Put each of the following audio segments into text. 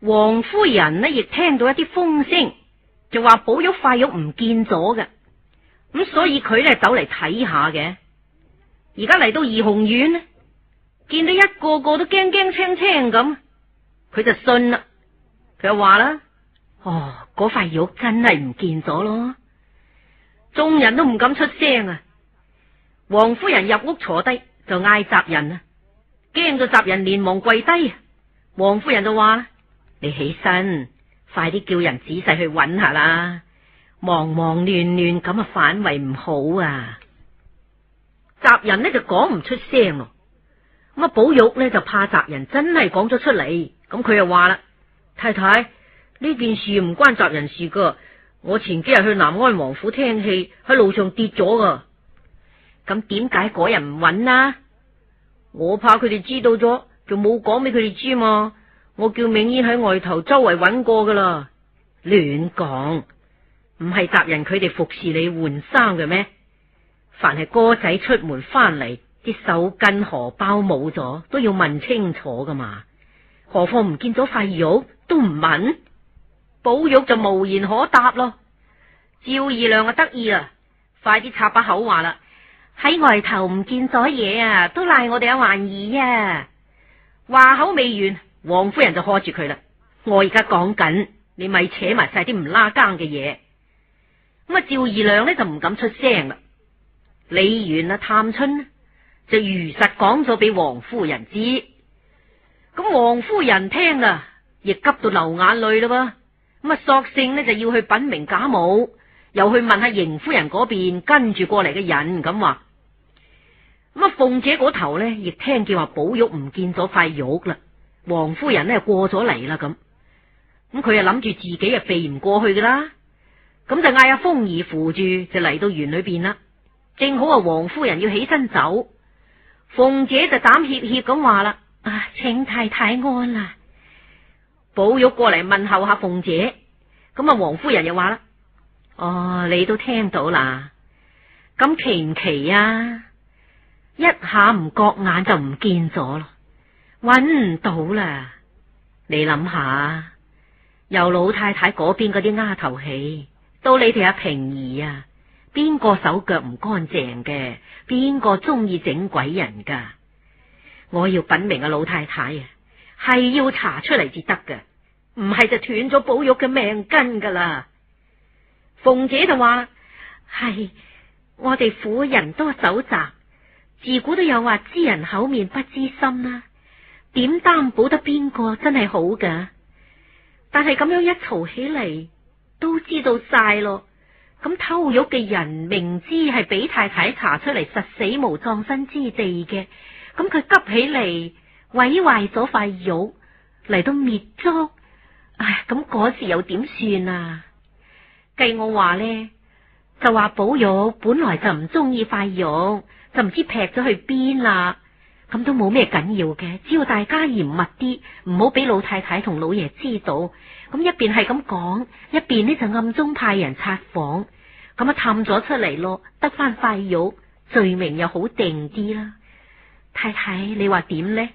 王夫人呢亦聽到一啲風聲，就話寶玉塊玉唔見咗嘅，咁所以佢呢走嚟睇下嘅。而家嚟到怡紅院呢，見到一個個都驚驚青青咁，佢就信啦。佢就話啦：哦，嗰塊玉真係唔見咗咯。眾人都唔敢出聲啊。王夫人入屋坐低就嗌襲人啊，驚到襲人連忙跪低。王夫人就話啦。你起身，快啲叫人仔細去揾下啦！忙忙亂亂咁啊，反胃唔好啊！襲人呢就講唔出聲咯。咁啊，寶玉呢就怕襲人真係講咗出嚟，咁佢又話啦：太太，呢件事唔關襲人事噶。我前幾日去南安王府聽戲，喺路上跌咗噶。咁點解嗰日唔揾啊？我怕佢哋知道咗，就冇講俾佢哋知嘛。我叫茗煙喺外頭周圍揾過噶啦，亂講，唔係搭人佢哋服侍你換衫嘅咩？凡係哥仔出門翻嚟，啲手巾荷包冇咗，都要問清楚噶嘛。何況唔見咗塊玉都唔問，寶玉就無言可答咯。趙二娘啊得意啦，啊，快啲插把口話啦，喺外頭唔見咗嘢啊，都賴我哋阿環兒啊。話口未完。王夫人就喝住佢啦，我而家講緊，你咪扯埋晒啲唔拉更嘅嘢。咁啊，趙姨娘呢就唔敢出聲啦。李紈啊、探春呢就如實講咗俾王夫人知。咁王夫人聽啊，亦急到流眼淚咯。咁啊，索性呢就要去稟明賈母，又去問下邢夫人嗰邊跟住過嚟嘅人咁話。咁啊，鳳姐嗰頭呢亦聽見話寶玉唔見咗塊玉啦。王夫人呢過咗嚟啦，咁咁佢啊諗住自己啊避唔過去噶啦，咁就嗌阿鳳兒扶住就嚟到園裏邊啦。正好啊，王夫人要起身走，鳳姐就膽怯怯咁話啦：啊，請太太安啦！寶玉過嚟問候下鳳姐，咁啊，王夫人又話啦：哦，你都聽到啦，咁奇唔奇啊？一下唔覺眼就唔見咗啦。揾唔到啦！你諗下，由老太太嗰邊嗰啲丫頭起，到你哋阿平兒啊，邊個手腳唔乾淨嘅？邊個中意整鬼人噶？我要品明阿老太太啊，係要查出嚟，至得嘅，唔係就斷咗寶玉嘅命根噶啦。鳳姐就話：係我哋府人多手雜，自古都有話知人口面不知心啦、啊。點擔保得邊個真係好噶？但係咁樣一嘈起嚟，都知道晒咯。咁偷玉嘅人明知係俾太太查出嚟，實死無葬身之地嘅。咁佢急起嚟毀壞咗塊玉嚟到滅燭。唉，咁嗰時又點算啊？計我話咧，就話寶玉本來就唔中意塊玉，就唔知劈咗去邊啦。咁都冇咩緊要嘅，只要大家嚴密啲，唔好俾老太太同老爺知道。咁一邊係咁講，一邊呢就暗中派人察訪，咁啊探咗出嚟咯，得返塊玉，罪名又好定啲啦。太太，你話點呢？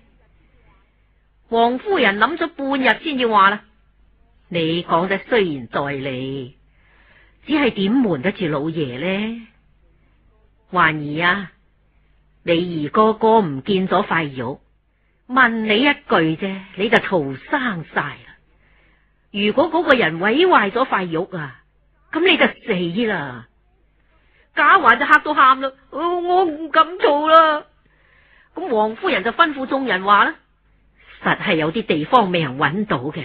王夫人諗咗半日先至話啦，你講得雖然在理，只係點瞞得住老爺呢？環兒啊！你二哥哥唔見咗塊玉，問你一句啫，你就嘈生晒啦。如果嗰個人毀壞咗塊玉啊，咁你就死啦。賈環就嚇到喊啦，我唔敢做啦。咁王夫人就吩咐眾人話啦：實係有啲地方未人搵到嘅，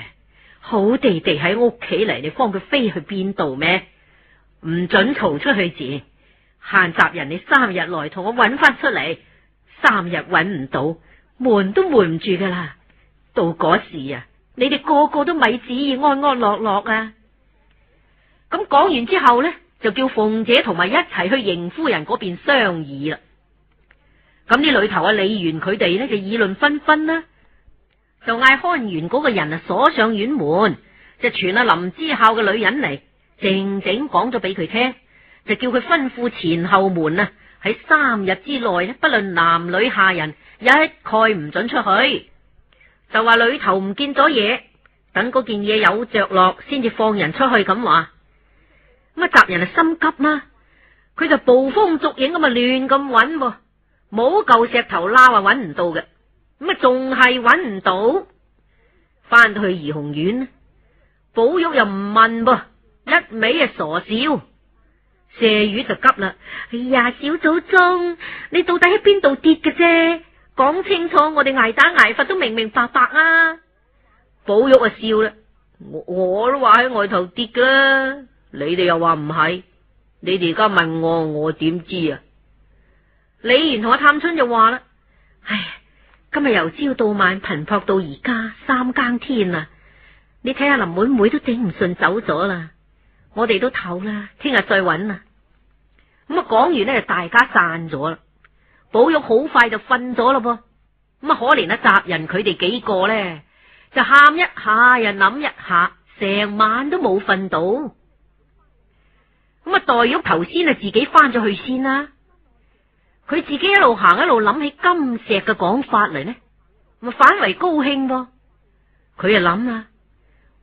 好地地喺屋企嚟，你幫佢飛去邊度咩？唔准嘈出去住。限集人，你三日內同我揾翻出嚟，三日揾唔到，瞞都瞞唔住噶啦。到嗰時啊，你哋個個都咪旨意安安樂樂啊。咁講完之後咧，就叫鳳姐同埋一齊去邢夫人嗰邊商議啦。咁呢裏頭啊，李紈佢哋咧就議論紛紛啦，就嗌看園嗰個人啊鎖上院門，就傳阿林之孝嘅女人嚟，靜靜講咗俾佢聽。就叫佢吩咐前後門啊，喺三日之內，不論男女下人，一概唔准出去。就話裏頭唔見咗嘢，等嗰件嘢有着落，先至放人出去。咁話咁啊，襲人啊心急啦，佢就捕風捉影咁啊，亂咁揾，冇嚿石頭撈啊，揾唔到嘅。咁啊，仲係揾唔到，翻到去怡紅院，寶玉又唔問噃、啊，一味啊傻笑。麝月就急啦！哎呀，小祖宗，你到底喺邊度跌嘅啫？講清楚，我哋挨打挨罰都明明白白啊！寶玉啊笑啦，我我都話喺外頭跌噶啦，你哋又話唔係，你哋而家問我，我點知啊？李紈同阿探春就話啦：唉，今日由朝到晚，頻撲到而家三更天啦，你睇下林妹妹都頂唔順，走咗啦。我哋都唞啦，聽日再搵啦。咁啊講完呢，就大家散咗啦。寶玉好快就瞓咗咯噃。咁啊，可憐啊，襲人佢哋幾個咧，就喊一下又諗一下，成晚都冇瞓到。咁啊，黛玉頭先啊自己翻咗去先啦。佢自己一路行一路諗起金石嘅講法嚟，呢咪反為高興噃。佢啊諗啦。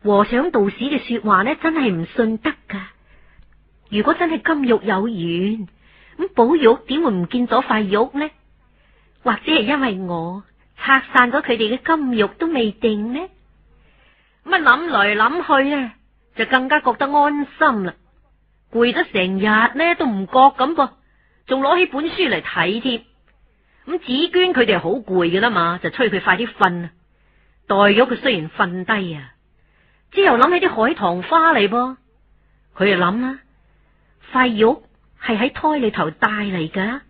和尚道士嘅說話咧，真係唔信得噶。如果真係金玉有緣，咁寶玉點會唔見咗塊玉呢？或者係因為我拆散咗佢哋嘅金玉都未定呢？咁咪諗來諗去啊，就更加覺得安心啦。攰咗成日呢，都唔覺咁噃，仲攞起本書嚟睇添。咁、嗯、紫鵑佢哋好攰噶啦嘛，就催佢快啲瞓。黛玉佢雖然瞓低啊。之後又諗起啲海棠花嚟噃，佢又諗啦，塊玉係喺胎裏頭帶嚟噶，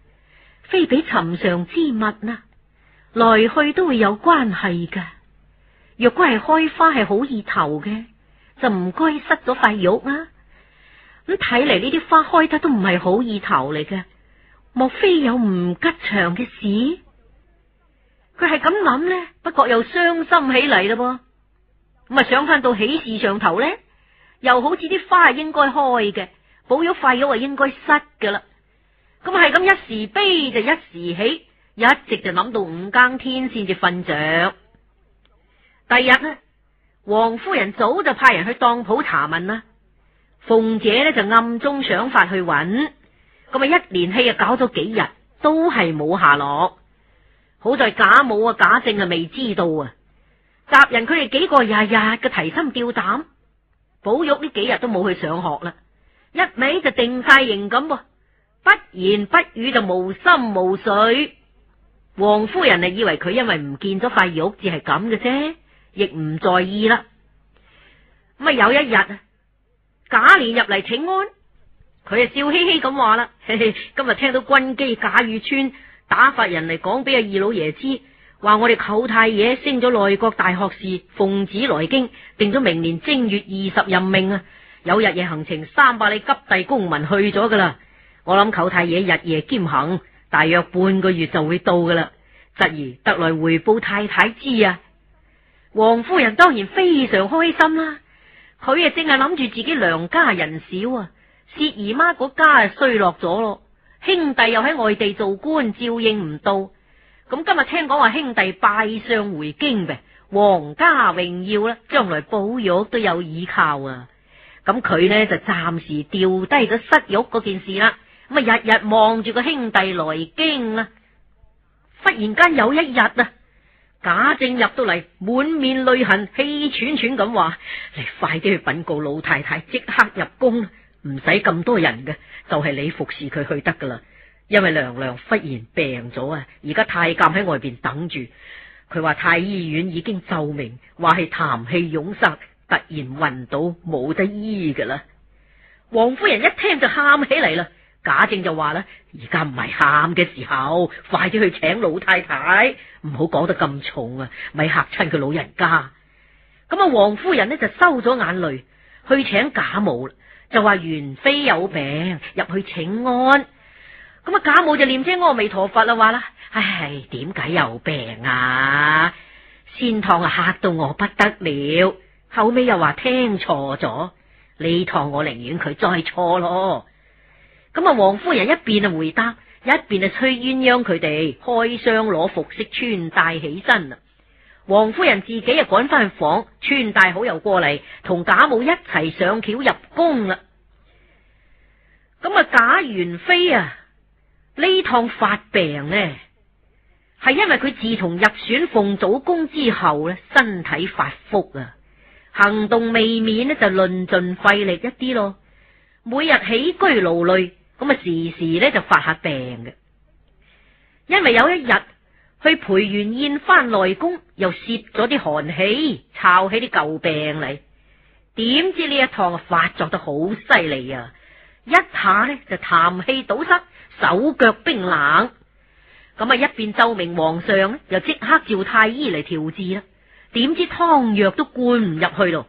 非比尋常之物啦，來去都會有關係噶。若果係開花係好意頭嘅，就唔該失咗塊玉啊。咁睇嚟呢啲花開得都唔係好意頭嚟嘅，莫非有唔吉祥嘅事？佢係咁諗咧，不過又傷心起嚟咯噃。咁啊，想翻到喜事上頭咧，又好似啲花係應該開嘅，寶玉廢咗啊，應該失噶啦。咁係咁一時悲就一時喜，一直就諗到五更天先至瞓着。第日呢，王夫人早就派人去當鋪查問啦，鳳姐咧就暗中想法去揾。咁啊，一連氣啊搞咗幾日，都係冇下落。好在賈母啊、賈政啊未知道啊。襲人佢哋幾個日日嘅提心吊膽，寶玉呢幾日都冇去上學啦，一味就定晒形咁噃，不言不語就無心無水。王夫人啊，以為佢因為唔見咗塊玉，只係咁嘅啫，亦唔在意啦。咁啊，有一日啊，賈璉入嚟請安，佢啊笑嘻嘻咁話啦：嘿嘿，今日聽到軍機賈雨村打發人嚟講俾阿二老爺知。話我哋舅太爺升咗內閣大學士，奉旨來京，定咗明年正月二十任命啊！有日夜行程三百里，急遞公文去咗噶啦。我諗舅太爺日夜兼行，大約半個月就會到噶啦。侄兒得來回報太太知啊，王夫人當然非常開心啦。佢啊淨係諗住自己娘家人少啊，薛姨媽嗰家衰落咗咯，兄弟又喺外地做官，照應唔到。咁今日聽講話兄弟拜相回京唄，皇家榮耀啦，將來寶玉都有依靠啊。咁佢呢就暫時掉低咗失玉嗰件事啦。咁啊日日望住個兄弟來京啦。忽然間有一日啊，賈政入到嚟，滿面淚痕，氣喘喘咁話：你快啲去稟告老太太，即刻入宮，唔使咁多人嘅，就係、是、你服侍佢去得噶啦。因為娘娘忽然病咗啊！而家太監喺外邊等住，佢話太醫院已經奏明，話係痰氣壅塞，突然暈倒，冇得醫噶啦。王夫人一聽就喊起嚟啦，賈政就話啦：而家唔係喊嘅時候，快啲去請老太太，唔好講得咁重啊，咪嚇親佢老人家。咁啊，王夫人呢就收咗眼淚，去請賈母，就話元妃有病，入去請安。咁啊！賈母就念聲阿彌陀佛啦，話啦，唉，點解又病啊？先趟啊，吓到我不得了。後尾又話聽錯咗，呢趟我寧願佢再錯咯。咁啊，王夫人一邊啊回答，一邊啊催鴛鴦佢哋開箱攞服飾穿戴起身啦。王夫人自己啊趕翻去房穿戴好，又過嚟同賈母一齊上轎入宮啦。咁啊，賈元妃啊！呢趟發病呢，係因為佢自從入選鳳藻宮之後咧，身體發福啊，行動未免咧就論盡費力一啲咯。每日起居勞累，咁啊時時呢就發下病嘅。因為有一日去陪完宴返內宮，又攝咗啲寒氣，炒起啲舊病嚟。點知呢一趟發作得好犀利啊！一下呢就痰氣堵塞。手腳冰冷，咁啊一邊奏明皇上咧，又即刻召太醫嚟調治啦。點知湯藥都灌唔入去咯，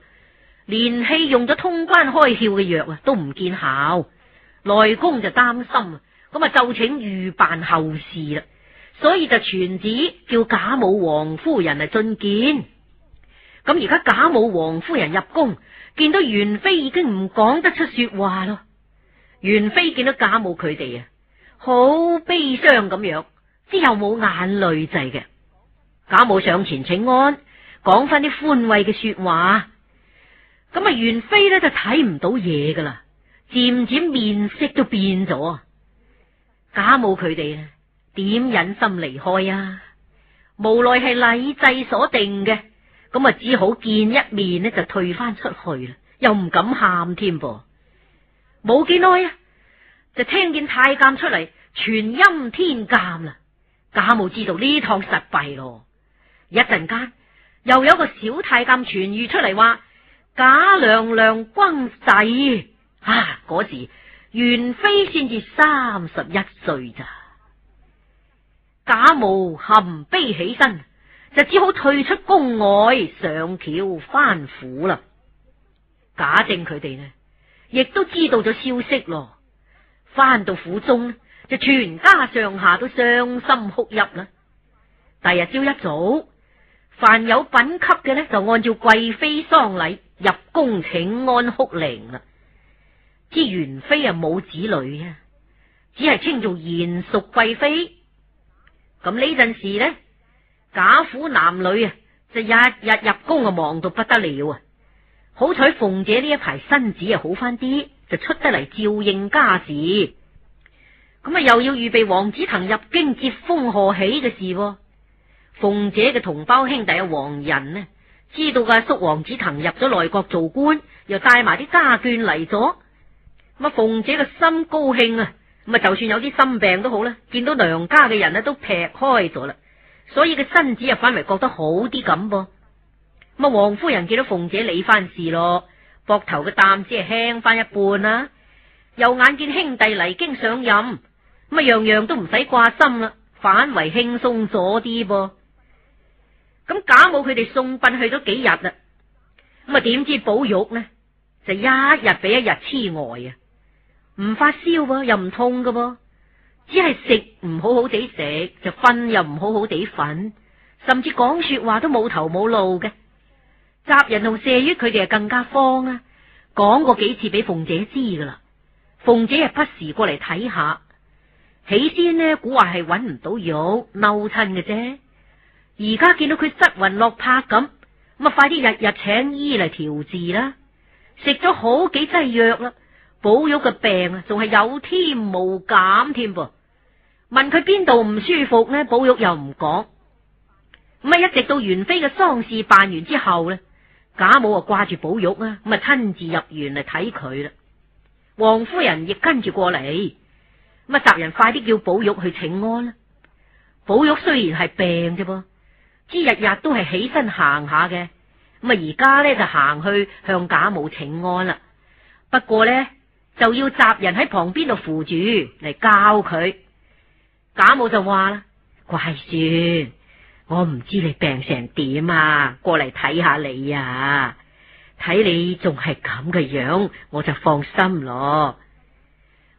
連氣用咗通關開竅嘅藥啊，都唔見效。內宮就擔心，咁啊就請預辦後事啦。所以就傳旨叫賈母、王夫人嚟進見。咁而家賈母、王夫人入宮，見到元妃已經唔講得出說話咯。元妃見到賈母佢哋啊。好悲傷咁樣，之後冇眼淚滯嘅，賈母上前請安，講翻啲寬慰嘅說話。咁啊，元妃呢，就睇唔到嘢噶啦，漸漸面色都變咗。賈母佢哋啊，點忍心離開啊？無奈係禮制所定嘅，咁啊，只好見一面呢，就退翻出去啦，又唔敢喊添噃。冇幾耐啊！就聽見太監出嚟傳欽天監啦，賈母知道呢趟實弊咯。一陣間又有個小太監傳諭出嚟話賈娘娘薨逝啊，嗰時元妃先至三十一歲咋？賈母含悲起身，就只好退出宮外上轎翻府啦。賈政佢哋呢，亦都知道咗消息咯。翻到府中就全家上下都傷心哭泣啦。第日朝一早，凡有品級嘅呢，就按照貴妃喪禮入宮請安哭靈啦。之元妃啊冇子女啊，只係稱做賢淑貴妃。咁呢陣時呢，賈府男女啊就日日入宮啊忙到不得了啊。好彩鳳姐呢一排身子啊好翻啲。就出得嚟照應家事，咁啊又要預備王子騰入京接風賀喜嘅事。鳳姐嘅同胞兄弟阿王仁呢，知道個叔叔王子騰入咗內閣做官，又帶埋啲家眷嚟咗，咁啊鳳姐個心高興啊，咁啊就算有啲心病都好啦，見到娘家嘅人呢都劈開咗啦，所以個身子又反為覺得好啲咁噃。咁啊王夫人見到鳳姐理翻事咯。膊頭嘅擔子係輕翻一半啦、啊，又眼見兄弟嚟京上任，咁樣樣都唔使掛心啦，反為輕鬆咗啲噃。咁賈母佢哋送殯去咗幾日啦、啊，咁啊點知寶玉呢就一日比一日痴呆啊，唔發燒喎，又唔痛㗎噃、啊，只係食唔好好地食，就瞓又唔好好地瞓，甚至講說話都冇頭冇路嘅。襲人同麝月佢哋，就更加慌啦、啊。講過幾次俾鳳姐知噶啦，鳳姐又不時過嚟睇下。起先呢，估話係揾唔到玉，嬲親嘅啫。而家見到佢失魂落魄咁，咁啊，快啲日日請醫嚟調治啦。食咗好幾劑藥啦，寶玉嘅病啊，仲係有添無減添噃。問佢邊度唔舒服呢？寶玉又唔講。咁啊，一直到元妃嘅喪事辦完之後呢，賈母啊，掛住寶玉啊，咁啊，親自入園嚟睇佢啦。王夫人亦跟住過嚟，咁啊，襲人快啲叫寶玉去請安啦。寶玉雖然係病啫噃，知日日都係起身行下嘅，咁啊而家咧就行去向賈母請安啦。不過咧就要襲人喺旁邊度扶住嚟教佢。賈母就話啦：乖孫。我唔知你病成點啊！過嚟睇下你啊，睇你仲係咁嘅樣，我就放心咯。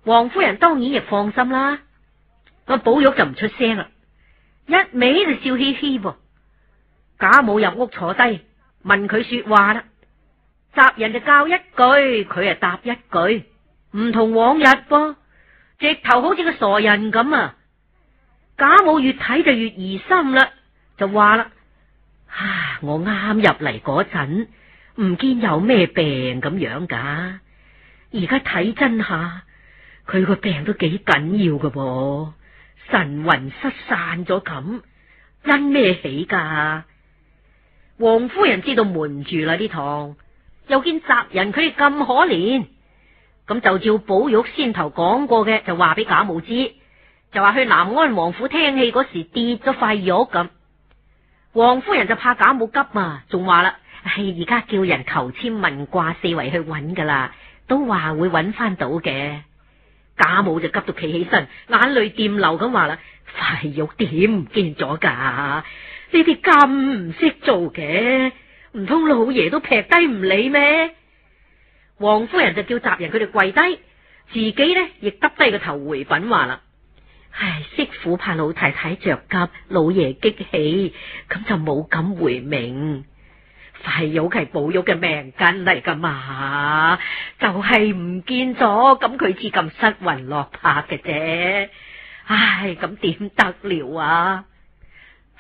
王夫人當然亦放心啦。阿寶玉就唔出聲啦，一味就笑嘻嘻噃。賈母入屋坐低，問佢說話啦。襲人就教一句，佢啊答一句，唔同往日噃。直頭好似個傻人咁啊！賈母越睇就越疑心啦。就話啦，啊！我啱入嚟嗰陣唔見有咩病咁樣噶，而家睇真下，佢個病都幾緊要噶，神魂失散咗咁，因咩起噶？王夫人知道瞞唔住啦，呢堂又見襲人佢咁可憐，咁就照寶玉先頭講過嘅，就話俾賈母知，就話去南安王府聽戲嗰時跌咗塊玉咁。王夫人就怕賈母急啊，仲話啦，唉、哎，而家叫人求籤問卦四圍去揾噶啦，都話會揾翻到嘅。賈母就急到企起身，眼淚掂流咁話啦：塊玉點唔見咗噶？呢啲咁唔識做嘅，唔通老爺都劈低唔理咩？王夫人就叫襲人佢哋跪低，自己呢亦耷低個頭回稟話啦。唉，媳婦怕老太太着急，老爺激氣，咁就冇敢回命。塊玉係寶玉嘅命根嚟噶嘛？就係唔見咗，咁佢至咁失魂落魄嘅啫。唉，咁點得了啊？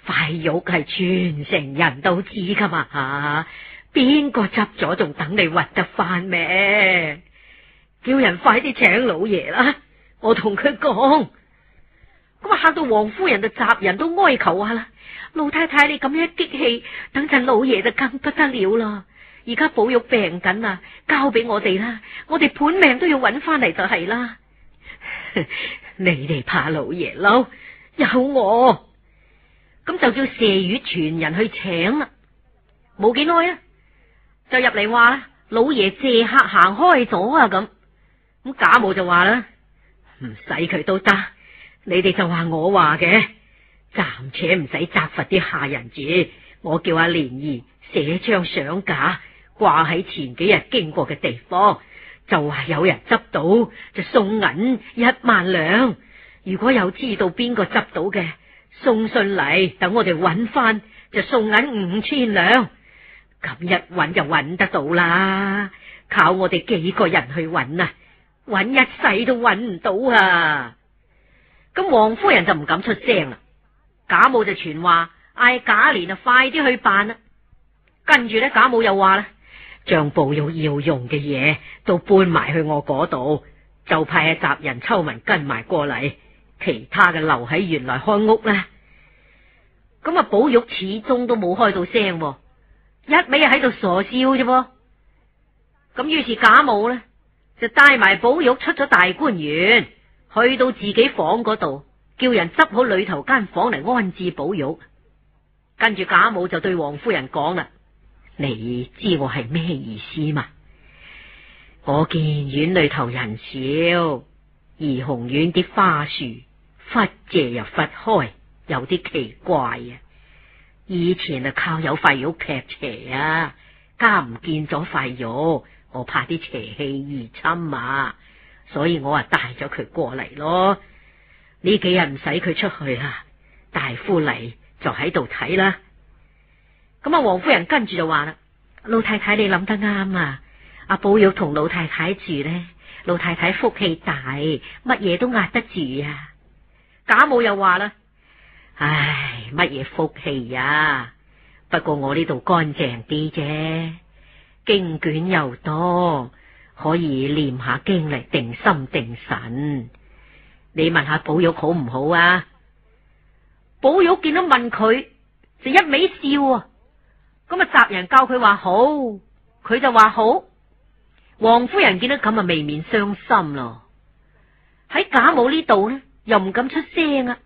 塊玉係全城人都知噶嘛？吓，邊個執咗仲等你混得返命？叫人快啲請老爺啦，我同佢講。咁啊！嚇到王夫人就襲人都哀求下啦！老太太，你咁樣激氣，等陣老爺就更不得了啦！而家寶玉病緊啊，交俾我哋啦，我哋本命都要搵翻嚟就係啦。 你哋怕老爺囉，有我，咁就叫麝月傳人去請啦。冇幾耐啊，就入嚟話啦，老爺借客行開咗啊！咁咁賈母就話啦，唔使佢都得。你哋就話我話嘅，暫且唔使責罰啲下人住。我叫阿蓮兒寫張相架，掛喺前幾日經過嘅地方，就話有人執到就送銀一萬兩。如果有知道邊個執到嘅，送信嚟，等我哋揾翻就送銀五千兩。咁一揾就揾得到啦。靠我哋幾個人去揾啊，揾一世都揾唔到啊！咁王夫人就唔敢出聲啦，賈母就傳話，嗌賈璉啊，快啲去辦啦。跟住咧，賈母又話啦，將寶玉要用嘅嘢都搬埋去我嗰度，就派襲人秋紋跟埋過嚟，其他嘅留喺原來看屋啦。咁啊，寶玉始終都冇開到聲，一味喺度傻笑啫噃。咁於是賈母呢，就帶埋寶玉出咗大觀園。去到自己房嗰度，叫人執好裏頭間房嚟，安置寶玉。跟住賈母就對王夫人講啦：你知我係咩意思嘛？我見院裏頭人少，怡紅院啲花樹忽謝又忽開，有啲奇怪啊！以前啊靠有塊玉辟邪啊，家唔見咗塊玉，我怕啲邪氣入侵啊！所以我啊帶咗佢過嚟咯，呢幾日唔使佢出去呀，大夫嚟就喺度睇啦。咁啊，王夫人跟住就話啦，老太太你諗得啱啊，阿寶玉同老太太住咧，老太太福氣大，乜嘢都壓得住啊。賈母又話啦，唉，乜嘢福氣啊？不過我呢度乾淨啲啫，經卷又多。可以念下經嚟定心定神，你問下寶玉好唔好啊？寶玉見到問佢，就一味笑。咁啊，襲人教佢話好，佢就話好。王夫人見到咁啊，未免傷心咯。喺賈母呢度呢，又唔敢出聲啊。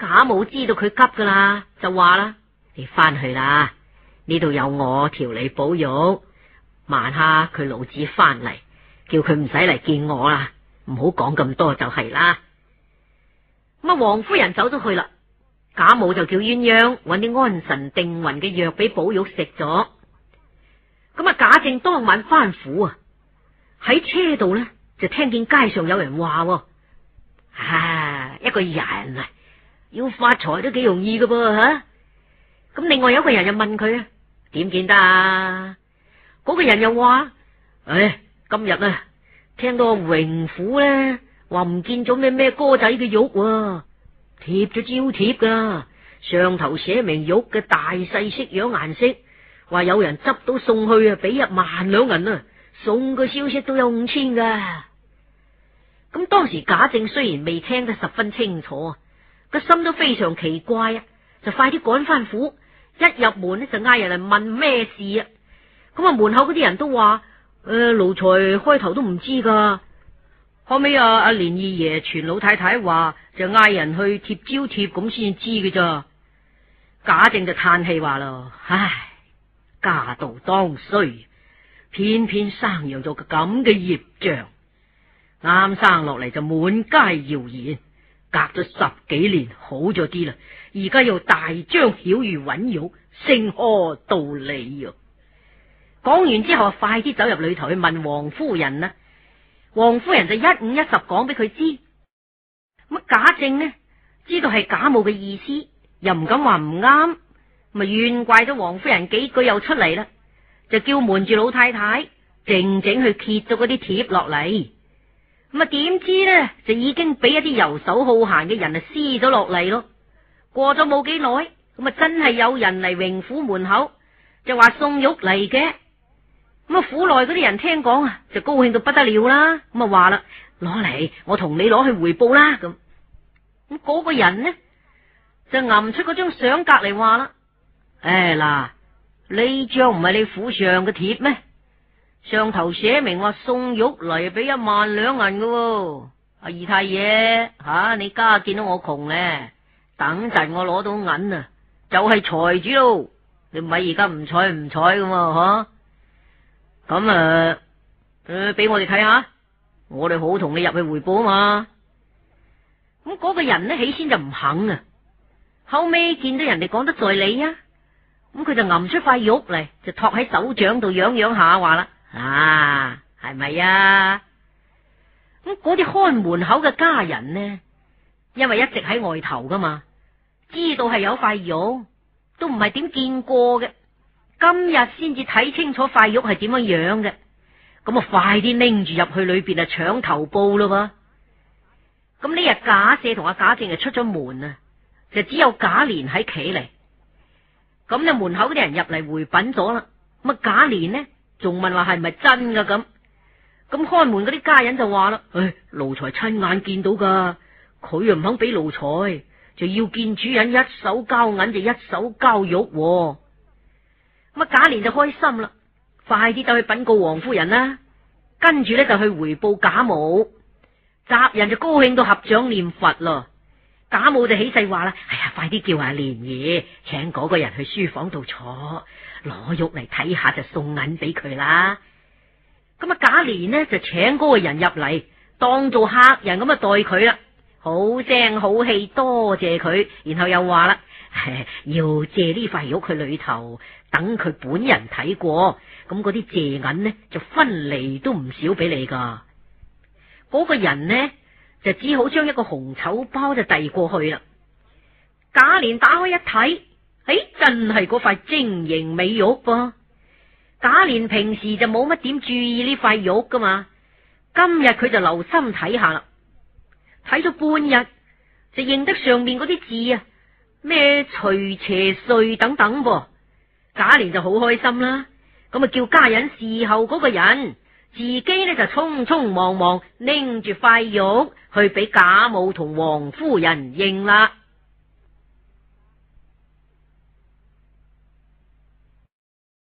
賈母知道佢急噶啦，就話啦：你翻去啦，呢度有我調理寶玉。晚下佢老子翻嚟，叫佢唔使嚟見我啦，唔好講咁多就係啦。咁啊，王夫人走咗去啦，賈母就叫鴛鴦揾啲安神定魂嘅藥俾寶玉食咗。咁啊，賈政當晚翻府啊，喺車度呢，就聽見街上有人話：啊，一個人啊，要發財都幾容易噶噃吓。咁另外有個人就問佢啊，點見得啊？嗰個人又話：唉、哎，今日啊，聽到個榮府咧，話唔見咗咩咩哥仔嘅玉啊，貼咗招貼噶，上頭寫明玉嘅大細、式樣、顏色，話有人執到送去啊，俾一萬兩銀啊，送個消息都有五千噶。咁當時賈政雖然未聽得十分清楚，個心都非常奇怪啊，就快啲趕翻府，一入門咧就嗌人嚟問咩事啊。咁啊！門口嗰啲人都話：誒、呃，奴才開頭都唔知噶，後尾啊，阿連二爺傳老太太話，就嗌人去貼招貼，咁先至知嘅咋。賈政就嘆氣話咯：唉，家道當衰，偏偏生養咗個咁嘅孽障，啱生落嚟就滿街謠言，隔咗十幾年好咗啲啦，而家又大張曉諭揾玉，升科道理。」啊！講完之後，快啲走入裏頭去問王夫人啦。王夫人就一五一十講俾佢知。咁啊，賈政呢知道係賈母嘅意思，又唔敢話唔啱，咪怨怪咗王夫人幾句，又出嚟啦。就叫瞞住老太太，靜靜去揭咗嗰啲貼落嚟。咁啊，點知呢就已經俾一啲遊手好閒嘅人撕咗落嚟咯。過咗冇幾耐，咁啊，真係有人嚟榮府門口，就話送玉嚟嘅。咁啊！府內嗰啲人聽講啊，就高興到不得了啦。咁啊，話啦，攞嚟我同你攞去回報啦。咁，咁嗰個人呢，就揞出嗰張相隔嚟話啦。唉、哎，嗱，呢張唔係你府上嘅帖咩？上頭寫明話送玉嚟俾一萬兩銀嘅。阿二太爺，吓、啊、你家見到我窮咧，等陣我攞到銀啊，就係、是、財主咯。你唔係而家唔睬唔睬噶嘛，吓、啊。咁啊，嗯呃，俾我哋睇下，我哋好同你入去回報啊嘛。咁嗰個人呢，起先就唔肯啊，後尾見到人哋講得在理啊，咁佢就揞出塊玉嚟，就托喺手掌度，養養下，話啦，啊，係咪啊？咁嗰啲看門口嘅家人呢，因為一直喺外頭噶嘛，知道係有塊玉，都唔係點見過嘅。今日先至睇清楚塊玉係點樣樣嘅，咁啊，快啲拎住入去裏邊啊搶頭報咯！咁呢日賈赦同阿賈政就出咗門啊，就只有賈璉喺企嚟。咁就門口嗰啲人入嚟回稟咗啦。咁賈璉呢仲問話係唔係真嘅咁？咁開門嗰啲家人就話啦：，唉、哎，奴才親眼見到噶，佢又唔肯俾奴才，就要見主人一手交銀就一手交玉。咁賈蓮就開心啦，快啲就去稟告王夫人啦，跟住咧就去回報賈母。襲人就高興到合掌念佛咯。賈母就起勢話啦：，哎呀，快啲叫阿蓮請嗰個人去書房度坐，攞玉嚟睇下就送銀俾佢啦。咁啊，賈蓮呢就請嗰個人入嚟，當做客人咁啊待佢啦，好聲好氣多謝佢，然後又話啦、哎，要借呢塊玉佢裏頭。等佢本人睇過，咁嗰啲借銀呢就分利都唔少俾你噶。嗰、那個人呢就只好將一個紅綢包就遞過去啦。賈璉打開一睇，唉、哎，真係嗰塊晶瑩美玉，啊。噃。賈璉平時就冇乜點注意呢塊玉噶嘛，今日佢就留心睇下啦。睇咗半日就認得上面嗰啲字啊，咩「除邪祟」等等噃、啊。賈玲就好開心啦，咁啊叫家人侍候嗰個人，自己咧就匆匆忙忙拎住塊玉去俾賈母同王夫人認啦。